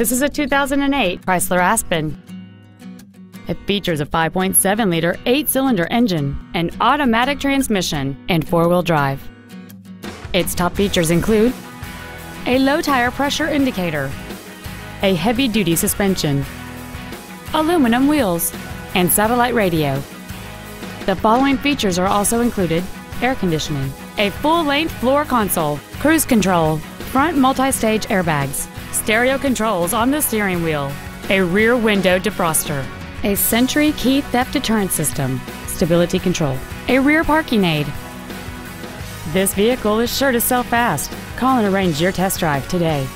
This is a 2008 Chrysler Aspen. It features a 5.7 liter, eight cylinder engine, an automatic transmission, and four wheel drive. Its top features include a low tire pressure indicator, a heavy duty suspension, aluminum wheels, and satellite radio. The following features are also included air conditioning, a full length floor console, cruise control, front multi stage airbags, stereo controls on the steering wheel, a rear window defroster, a Sentry key theft deterrent system, stability control, a rear parking aid. This vehicle is sure to sell fast. Call and arrange your test drive today.